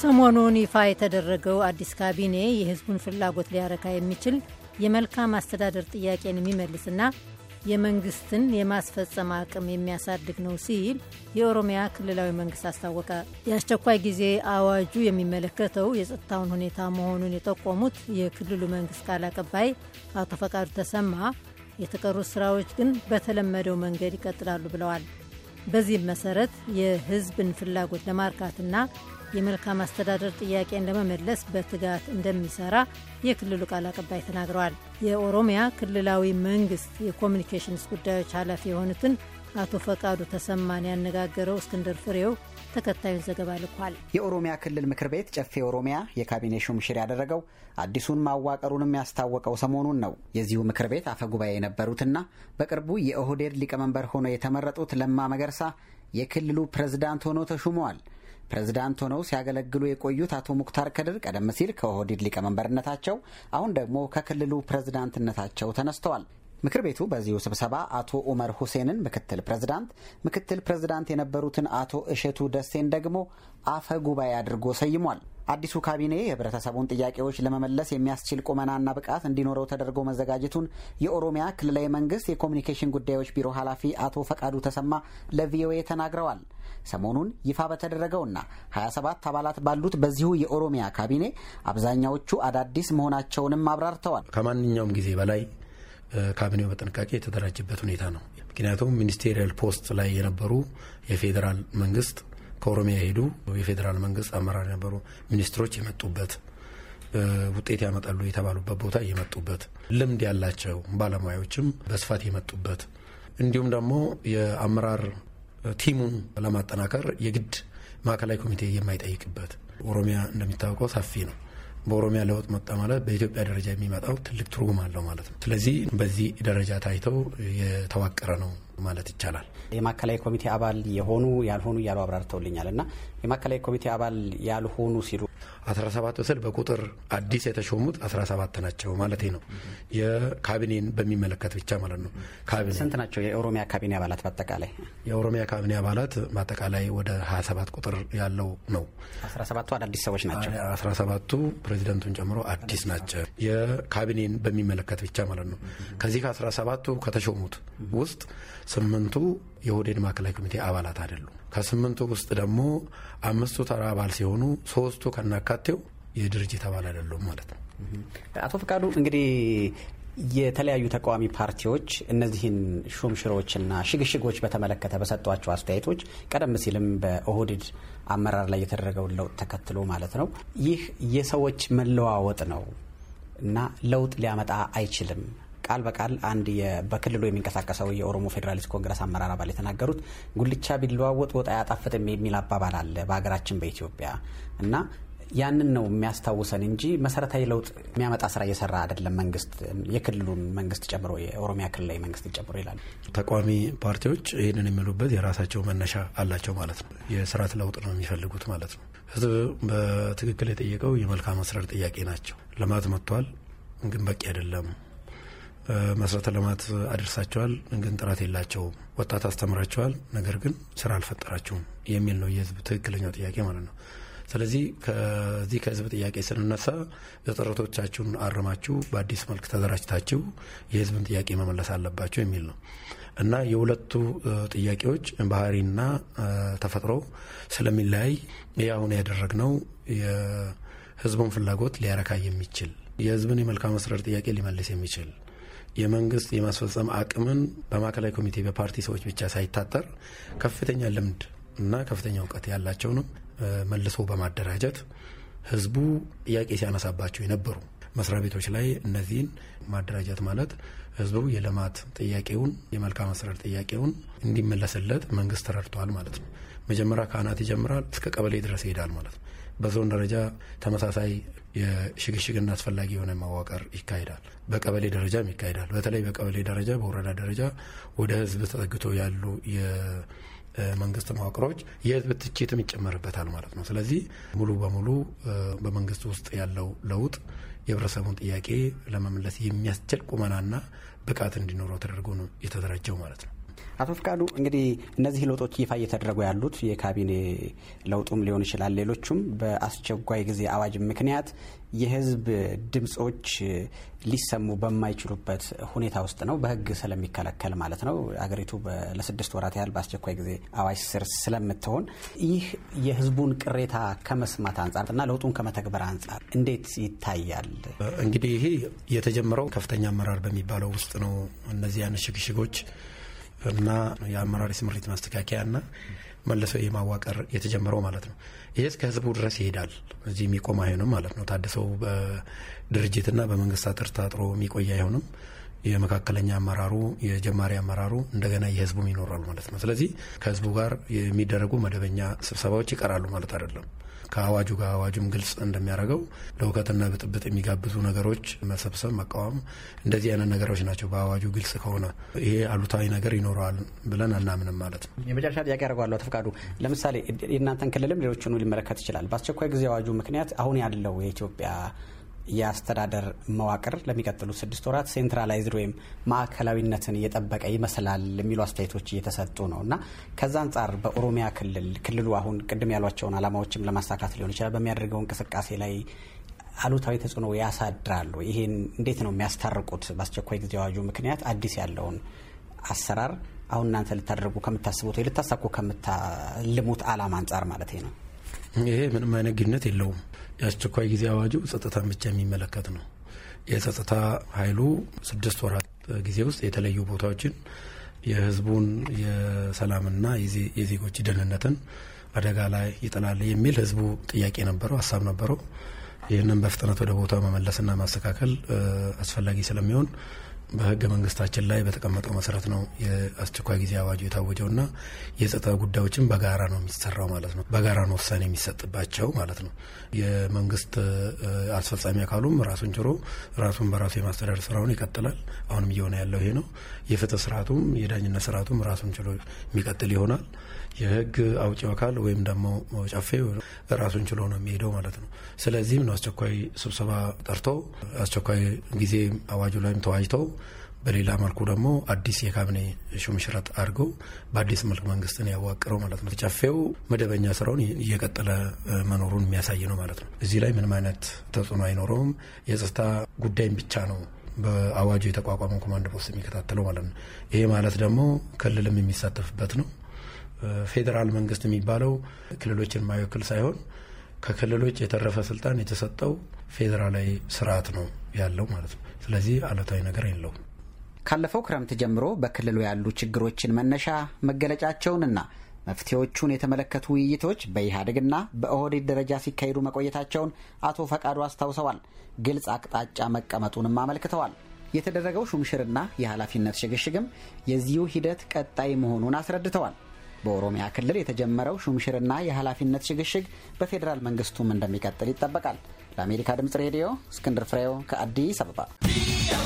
ሰሞኑን ይፋ የተደረገው አዲስ ካቢኔ የሕዝቡን ፍላጎት ሊያረካ የሚችል የመልካም አስተዳደር ጥያቄን የሚመልስና የመንግስትን የማስፈጸም አቅም የሚያሳድግ ነው ሲል የኦሮሚያ ክልላዊ መንግስት አስታወቀ። የአስቸኳይ ጊዜ አዋጁ የሚመለከተው የጸጥታውን ሁኔታ መሆኑን የጠቆሙት የክልሉ መንግስት ቃል አቀባይ አቶ ፈቃዱ ተሰማ የተቀሩት ስራዎች ግን በተለመደው መንገድ ይቀጥላሉ ብለዋል። በዚህም መሰረት የህዝብን ፍላጎት ለማርካትና የመልካም አስተዳደር ጥያቄን ለመመለስ በትጋት እንደሚሰራ የክልሉ ቃል አቀባይ ተናግረዋል። የኦሮሚያ ክልላዊ መንግስት የኮሚኒኬሽንስ ጉዳዮች ኃላፊ የሆኑትን አቶ ፈቃዱ ተሰማን ያነጋገረው እስክንድር ፍሬው ተከታዩን ዘገባ ልኳል። የኦሮሚያ ክልል ምክር ቤት ጨፌ ኦሮሚያ የካቢኔ ሹምሽር ያደረገው አዲሱን ማዋቀሩንም ያስታወቀው ሰሞኑን ነው። የዚሁ ምክር ቤት አፈ ጉባኤ የነበሩትና በቅርቡ የኦህዴድ ሊቀመንበር ሆነው የተመረጡት ለማ መገርሳ የክልሉ ፕሬዝዳንት ሆነው ተሹመዋል። ፕሬዝዳንት ሆነው ሲያገለግሉ የቆዩት አቶ ሙክታር ከድር ቀደም ሲል ከኦህዴድ ሊቀመንበርነታቸው፣ አሁን ደግሞ ከክልሉ ፕሬዝዳንትነታቸው ተነስተዋል። ምክር ቤቱ በዚሁ ስብሰባ አቶ ኡመር ሁሴንን ምክትል ፕሬዝዳንት፣ ምክትል ፕሬዝዳንት የነበሩትን አቶ እሸቱ ደሴን ደግሞ አፈ ጉባኤ አድርጎ ሰይሟል። አዲሱ ካቢኔ የህብረተሰቡን ጥያቄዎች ለመመለስ የሚያስችል ቁመናና ብቃት እንዲኖረው ተደርጎ መዘጋጀቱን የኦሮሚያ ክልላዊ መንግስት የኮሚኒኬሽን ጉዳዮች ቢሮ ኃላፊ አቶ ፈቃዱ ተሰማ ለቪኦኤ ተናግረዋል። ሰሞኑን ይፋ በተደረገውና 27 አባላት ባሉት በዚሁ የኦሮሚያ ካቢኔ አብዛኛዎቹ አዳዲስ መሆናቸውንም አብራርተዋል። ከማንኛውም ጊዜ በላይ ካቢኔው በጥንቃቄ የተደራጀበት ሁኔታ ነው። ምክንያቱም ሚኒስቴሪያል ፖስት ላይ የነበሩ የፌዴራል መንግስት ከኦሮሚያ የሄዱ የፌዴራል መንግስት አመራር የነበሩ ሚኒስትሮች የመጡበት ውጤት ያመጣሉ የተባሉበት ቦታ የመጡበት ልምድ ያላቸው ባለሙያዎችም በስፋት የመጡበት እንዲሁም ደግሞ የአመራር ቲሙን ለማጠናከር የግድ ማዕከላዊ ኮሚቴ የማይጠይቅበት ኦሮሚያ እንደሚታወቀው ሰፊ ነው። በኦሮሚያ ለውጥ መጣ ማለት በኢትዮጵያ ደረጃ የሚመጣው ትልቅ ትርጉም አለው ማለት ነው። ስለዚህ በዚህ ደረጃ ታይተው የተዋቀረ ነው ማለት ይቻላል። የማዕከላዊ ኮሚቴ አባል የሆኑ ያልሆኑ እያሉ አብራርተውልኛል እና የማዕከላዊ ኮሚቴ አባል ያልሆኑ ሲሉ 17 ስል በቁጥር አዲስ የተሾሙት 17 ናቸው ማለት ነው። የካቢኔን በሚመለከት ብቻ ማለት ነው። ስንት ናቸው የኦሮሚያ ካቢኔ አባላት? በአጠቃላይ የኦሮሚያ ካቢኔ አባላት በአጠቃላይ ወደ 27 ቁጥር ያለው ነው። 17ቱ አዳዲስ ሰዎች ናቸው። 17ቱ ፕሬዚደንቱን ጨምሮ አዲስ ናቸው። የካቢኔን በሚመለከት ብቻ ማለት ነው። ከዚህ ከ17ቱ ከተሾሙት ውስጥ ስምንቱ የኦህዴድ ማዕከላዊ ኮሚቴ አባላት አይደሉም። ከስምንቱ ውስጥ ደግሞ አምስቱ ተራ አባል ሲሆኑ ሶስቱ ከናካቴው የድርጅት አባል አይደሉም ማለት ነው። አቶ ፈቃዱ እንግዲህ የተለያዩ ተቃዋሚ ፓርቲዎች እነዚህን ሹምሽሮችና ሽግሽጎች በተመለከተ በሰጧቸው አስተያየቶች ቀደም ሲልም በኦህዴድ አመራር ላይ የተደረገውን ለውጥ ተከትሎ ማለት ነው ይህ የሰዎች መለዋወጥ ነው እና ለውጥ ሊያመጣ አይችልም ቃል በቃል አንድ በክልሉ የሚንቀሳቀሰው የኦሮሞ ፌዴራሊስት ኮንግረስ አመራር አባል የተናገሩት ጉልቻ ቢለዋወጥ ወጥ አያጣፍጥም የሚል አባባል አለ በሀገራችን በኢትዮጵያ እና ያንን ነው የሚያስታውሰን እንጂ መሰረታዊ ለውጥ የሚያመጣ ስራ እየሰራ አይደለም መንግስት፣ የክልሉን መንግስት ጨምሮ የኦሮሚያ ክልላዊ መንግስት ጨምሮ ይላል። ተቃዋሚ ፓርቲዎች ይህንን የሚሉበት የራሳቸው መነሻ አላቸው ማለት ነው። የስርዓት ለውጥ ነው የሚፈልጉት ማለት ነው። ህዝብ በትክክል የጠየቀው የመልካም አስተዳደር ጥያቄ ናቸው። ልማት መጥቷል፣ ግን በቂ አይደለም መሰረተ ልማት አድርሳቸዋል፣ ግን ጥራት የላቸውም። ወጣት አስተምራቸዋል፣ ነገር ግን ስራ አልፈጠራቸውም የሚል ነው የህዝብ ትክክለኛው ጥያቄ ማለት ነው። ስለዚህ ከዚህ ከህዝብ ጥያቄ ስንነሳ ተጠረቶቻችሁን አርማችሁ በአዲስ መልክ ተደራጅታችሁ የህዝብን ጥያቄ መመለስ አለባቸው የሚል ነው እና የሁለቱ ጥያቄዎች ባህሪና ተፈጥሮ ስለሚለያይ ይህ አሁን ያደረግነው የህዝቡን ፍላጎት ሊያረካ የሚችል የህዝብን የመልካም አስተዳደር ጥያቄ ሊመልስ የሚችል የመንግስት የማስፈጸም አቅምን በማዕከላዊ ኮሚቴ በፓርቲ ሰዎች ብቻ ሳይታጠር ከፍተኛ ልምድ እና ከፍተኛ እውቀት ያላቸውንም መልሶ በማደራጀት ህዝቡ ጥያቄ ሲያነሳባቸው የነበሩ መስሪያ ቤቶች ላይ እነዚህን ማደራጀት ማለት ህዝቡ የልማት ጥያቄውን የመልካም አሰራር ጥያቄውን እንዲመለስለት መንግስት ተረድቷል ማለት ነው። መጀመሪያ ከአናት ይጀምራል፣ እስከ ቀበሌ ድረስ ይሄዳል ማለት ነው። በዞን ደረጃ ተመሳሳይ የሽግሽግና አስፈላጊ የሆነ መዋቅር ይካሄዳል። በቀበሌ ደረጃም ይካሄዳል። በተለይ በቀበሌ ደረጃ፣ በወረዳ ደረጃ ወደ ህዝብ ተጠግቶ ያሉ የመንግስት መዋቅሮች የህዝብ ትችትም ይጨመርበታል ማለት ነው። ስለዚህ ሙሉ በሙሉ በመንግስት ውስጥ ያለው ለውጥ የህብረተሰቡን ጥያቄ ለመመለስ የሚያስችል ቁመናና ብቃት እንዲኖረው ተደርጎ ነው የተደራጀው ማለት ነው። አቶ ፍቃዱ እንግዲህ እነዚህ ለውጦች ይፋ እየተደረጉ ያሉት የካቢኔ ለውጡም ሊሆን ይችላል፣ ሌሎቹም በአስቸኳይ ጊዜ አዋጅ ምክንያት የህዝብ ድምጾች ሊሰሙ በማይችሉበት ሁኔታ ውስጥ ነው። በህግ ስለሚከለከል ማለት ነው። አገሪቱ ለስድስት ወራት ያህል በአስቸኳይ ጊዜ አዋጅ ስር ስለምትሆን ይህ የህዝቡን ቅሬታ ከመስማት አንጻር እና ለውጡን ከመተግበር አንጻር እንዴት ይታያል? እንግዲህ ይሄ የተጀመረው ከፍተኛ አመራር በሚባለው ውስጥ ነው። እነዚህ አይነት ሽግሽጎች እና የአመራር ስምሪት ማስተካከያና መልሶ የማዋቀር የተጀመረው ማለት ነው። ይሄ እስከ ህዝቡ ድረስ ይሄዳል። እዚህ የሚቆም አይሆንም ማለት ነው። ታደሰው በድርጅትና በመንግስት አጥር ታጥሮ የሚቆይ አይሆንም። የመካከለኛ አመራሩ፣ የጀማሪ አመራሩ እንደገና የህዝቡም ይኖራሉ ማለት ነው። ስለዚህ ከህዝቡ ጋር የሚደረጉ መደበኛ ስብሰባዎች ይቀራሉ ማለት አይደለም። ከአዋጁ ጋር አዋጁም ግልጽ እንደሚያደርገው ለውከትና ብጥብጥ የሚጋብዙ ነገሮች መሰብሰብ፣ መቃወም እንደዚህ አይነት ነገሮች ናቸው። በአዋጁ ግልጽ ከሆነ ይሄ አሉታዊ ነገር ይኖረዋል ብለን አናምንም ማለት ነው። የመጨረሻ ጥያቄ ያደርጓለሁ። ተፍቃዱ፣ ለምሳሌ የእናንተን ክልልም ሌሎችኑ ሊመለከት ይችላል። በአስቸኳይ ጊዜ አዋጁ ምክንያት አሁን ያለው የኢትዮጵያ የአስተዳደር መዋቅር ለሚቀጥሉት ስድስት ወራት ሴንትራላይዝድ ወይም ማዕከላዊነትን እየጠበቀ ይመስላል የሚሉ አስተያየቶች እየተሰጡ ነው እና ከዛ አንጻር በኦሮሚያ ክልል ክልሉ አሁን ቅድም ያሏቸውን አላማዎችም ለማሳካት ሊሆን ይችላል በሚያደርገው እንቅስቃሴ ላይ አሉታዊ ተጽዕኖ ያሳድራሉ። ይሄን እንዴት ነው የሚያስታርቁት? በአስቸኳይ ጊዜ አዋጁ ምክንያት አዲስ ያለውን አሰራር አሁን እናንተ ልታደርጉ ከምታስቡት ልታሳኩ ከምታልሙት አላማ አንጻር ማለት ነው። ይሄ ምንም አይነት ግንኙነት የለውም። የአስቸኳይ ጊዜ አዋጁ ጸጥታን ብቻ የሚመለከት ነው። የጸጥታ ኃይሉ ስድስት ወራት ጊዜ ውስጥ የተለዩ ቦታዎችን የህዝቡን የሰላምና የዜጎች ደህንነትን አደጋ ላይ ይጥላል የሚል ህዝቡ ጥያቄ ነበረው፣ ሀሳብ ነበረው። ይህንን በፍጥነት ወደ ቦታው መመለስና ማስተካከል አስፈላጊ ስለሚሆን በህገ መንግስታችን ላይ በተቀመጠው መሰረት ነው የአስቸኳይ ጊዜ አዋጁ የታወጀው እና የጸጥታ ጉዳዮችን በጋራ ነው የሚሰራው ማለት ነው። በጋራ ነው ውሳኔ የሚሰጥባቸው ማለት ነው። የመንግስት አስፈጻሚ አካሉም ራሱን ችሎ ራሱን በራሱ የማስተዳደር ስራውን ይቀጥላል። አሁንም እየሆነ ያለው ይሄ ነው። የፍትህ ስርአቱም የዳኝነት ስርአቱም ራሱን ችሎ የሚቀጥል ይሆናል። የህግ አውጪው አካል ወይም ደግሞ ጨፌ ራሱን ችሎ ነው የሚሄደው ማለት ነው። ስለዚህም ነው አስቸኳይ ስብሰባ ጠርቶ አስቸኳይ ጊዜ አዋጁ ላይም ተዋጅተው በሌላ መልኩ ደግሞ አዲስ የካቢኔ ሹምሽረት አድርገው በአዲስ መልክ መንግስትን ያዋቅረው ማለት ነው። ጨፌው መደበኛ ስራውን እየቀጠለ መኖሩን የሚያሳይ ነው ማለት ነው። እዚህ ላይ ምንም አይነት ተጽዕኖ አይኖረውም። የጸጥታ ጉዳይም ብቻ ነው በአዋጁ የተቋቋመው ኮማንድ ፖስት የሚከታተለው ማለት ነው። ይሄ ማለት ደግሞ ክልልም የሚሳተፍበት ነው። ፌዴራል መንግስት የሚባለው ክልሎችን የማይወክል ሳይሆን ከክልሎች የተረፈ ስልጣን የተሰጠው ፌዴራላዊ ስርዓት ነው ያለው ማለት ነው። ስለዚህ አሉታዊ ነገር የለውም። ካለፈው ክረምት ጀምሮ በክልሉ ያሉ ችግሮችን መነሻ መገለጫቸውንና መፍትሄዎቹን የተመለከቱ ውይይቶች በኢህአዴግና በኦህዴድ ደረጃ ሲካሄዱ መቆየታቸውን አቶ ፈቃዱ አስታውሰዋል። ግልጽ አቅጣጫ መቀመጡንም አመልክተዋል። የተደረገው ሹምሽርና የኃላፊነት ሽግሽግም የዚሁ ሂደት ቀጣይ መሆኑን አስረድተዋል። በኦሮሚያ ክልል የተጀመረው ሹምሽርና የኃላፊነት ሽግሽግ በፌዴራል መንግስቱም እንደሚቀጥል ይጠበቃል። ለአሜሪካ ድምጽ ሬዲዮ እስክንድር ፍሬው ከአዲስ አበባ